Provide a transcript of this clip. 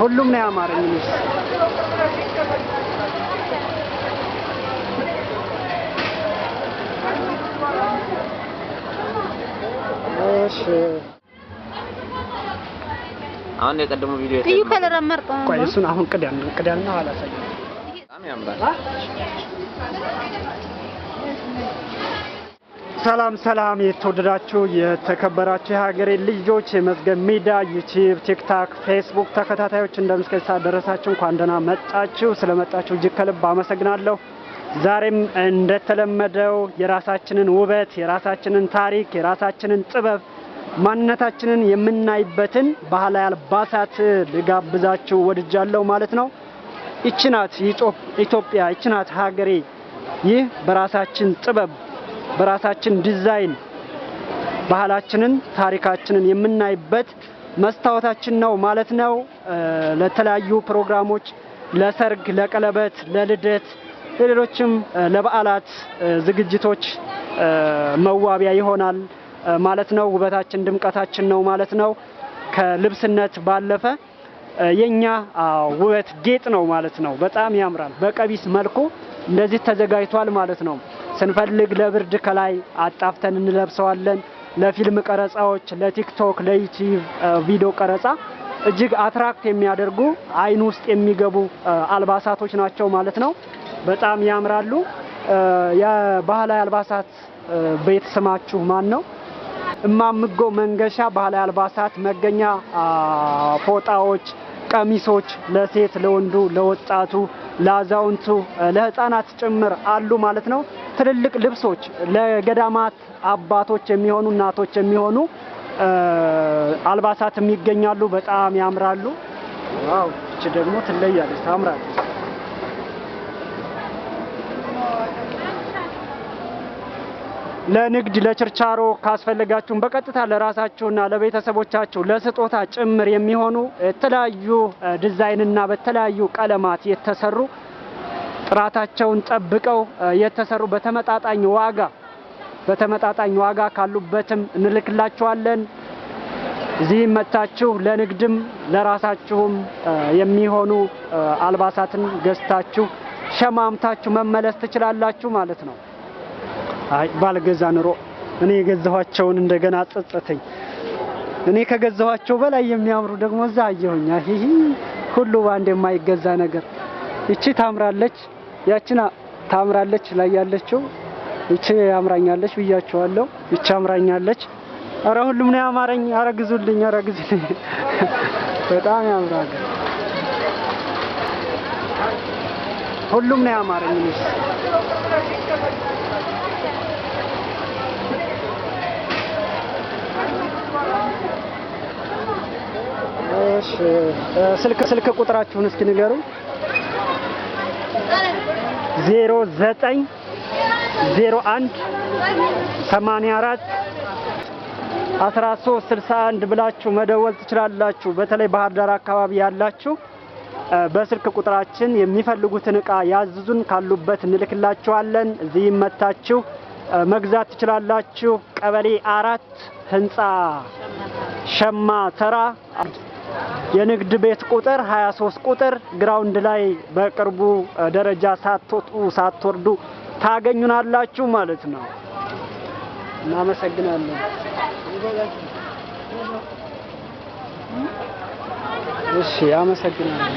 ሁሉም ነው ያማረኝ። እኔስ እሺ አሁን የቀደሙ ቪዲዮ እዩ ከለር አመርጣ ቆይ፣ እሱን አሁን ቅዳል ቅዳል ነው አላሳየም። በጣም ያምራል። ሰላም ሰላም የተወደዳችሁ የተከበራችሁ የሀገሬ ልጆች የመዝገብ ሚዲያ ዩቲዩብ ቲክታክ ፌስቡክ ተከታታዮች እንደምስከሳ ደረሳችሁ እንኳን ደህና መጣችሁ ስለመጣችሁ እጅግ ከልብ አመሰግናለሁ ዛሬም እንደተለመደው የራሳችንን ውበት የራሳችንን ታሪክ የራሳችንን ጥበብ ማንነታችንን የምናይበትን ባህላዊ አልባሳት ልጋብዛችሁ ወድጃለሁ ማለት ነው ይችናት ኢትዮጵያ ይችናት ሀገሬ ይህ በራሳችን ጥበብ በራሳችን ዲዛይን ባህላችንን፣ ታሪካችንን የምናይበት መስታወታችን ነው ማለት ነው። ለተለያዩ ፕሮግራሞች፣ ለሰርግ፣ ለቀለበት፣ ለልደት፣ ለሌሎችም ለበዓላት ዝግጅቶች መዋቢያ ይሆናል ማለት ነው። ውበታችን ድምቀታችን ነው ማለት ነው። ከልብስነት ባለፈ የኛ ውበት ጌጥ ነው ማለት ነው። በጣም ያምራል። በቀቢስ መልኩ እንደዚህ ተዘጋጅቷል ማለት ነው። ስንፈልግ ለብርድ ከላይ አጣፍተን እንለብሰዋለን። ለፊልም ቀረጻዎች፣ ለቲክቶክ፣ ለዩቲዩብ ቪዲዮ ቀረጻ እጅግ አትራክት የሚያደርጉ አይን ውስጥ የሚገቡ አልባሳቶች ናቸው ማለት ነው። በጣም ያምራሉ። የባህላዊ አልባሳት ቤት ስማችሁ ማን ነው? እማምጎ መንገሻ ባህላዊ አልባሳት መገኛ። ፎጣዎች፣ ቀሚሶች ለሴት ለወንዱ፣ ለወጣቱ፣ ለአዛውንቱ፣ ለህፃናት ጭምር አሉ ማለት ነው። ትልልቅ ልብሶች ለገዳማት አባቶች የሚሆኑ እናቶች የሚሆኑ አልባሳትም ይገኛሉ። በጣም ያምራሉ። ዋው! እቺ ደግሞ ትለያለች፣ ታምራለች። ለንግድ ለችርቻሮ ካስፈለጋችሁም በቀጥታ ለራሳችሁና ለቤተሰቦቻችሁ ለስጦታ ጭምር የሚሆኑ የተለያዩ ዲዛይንና በተለያዩ ቀለማት የተሰሩ ጥራታቸውን ጠብቀው የተሰሩ በተመጣጣኝ ዋጋ በተመጣጣኝ ዋጋ ካሉበትም እንልክላችኋለን። እዚህም መታችሁ ለንግድም ለራሳችሁም የሚሆኑ አልባሳትን ገዝታችሁ ሸማምታችሁ መመለስ ትችላላችሁ ማለት ነው። አይ ባልገዛ ኑሮ እኔ የገዛኋቸውን እንደገና ጸጸተኝ። እኔ ከገዛኋቸው በላይ የሚያምሩ ደግሞ እዛ አየሁኝ። ይሄ ሁሉ ባንድ የማይገዛ ነገር ይቺ ታምራለች። ያችን ታምራለች ላይ ያለችው ይቺ ያምራኛለች ብያቸዋለሁ። ይቺ ያምራኛለች። አረ ሁሉም ነው ያማረኝ። አረ ግዙልኝ፣ አረ ግዙልኝ። በጣም ያምራል። ሁሉም ነው ያማረኝ። ስልክ ስልክ ቁጥራችሁን እስኪ ንገሩ። ዜሮ ዘጠኝ ዜሮ አንድ ሰማንያ አራት አስራ ሶስት ስልሳ አንድ ብላችሁ መደወል ትችላላችሁ። በተለይ ባህር ዳር አካባቢ ያላችሁ በስልክ ቁጥራችን የሚፈልጉትን እቃ ያዝዙን፣ ካሉበት እንልክላችኋለን። እዚህም መታችሁ መግዛት ትችላላችሁ። ቀበሌ አራት ህንፃ ሸማ ተራ የንግድ ቤት ቁጥር 23 ቁጥር ግራውንድ ላይ በቅርቡ ደረጃ ሳትወጡ ሳትወርዱ ታገኙናላችሁ ማለት ነው። እናመሰግናለን። እሺ፣ አመሰግናለሁ።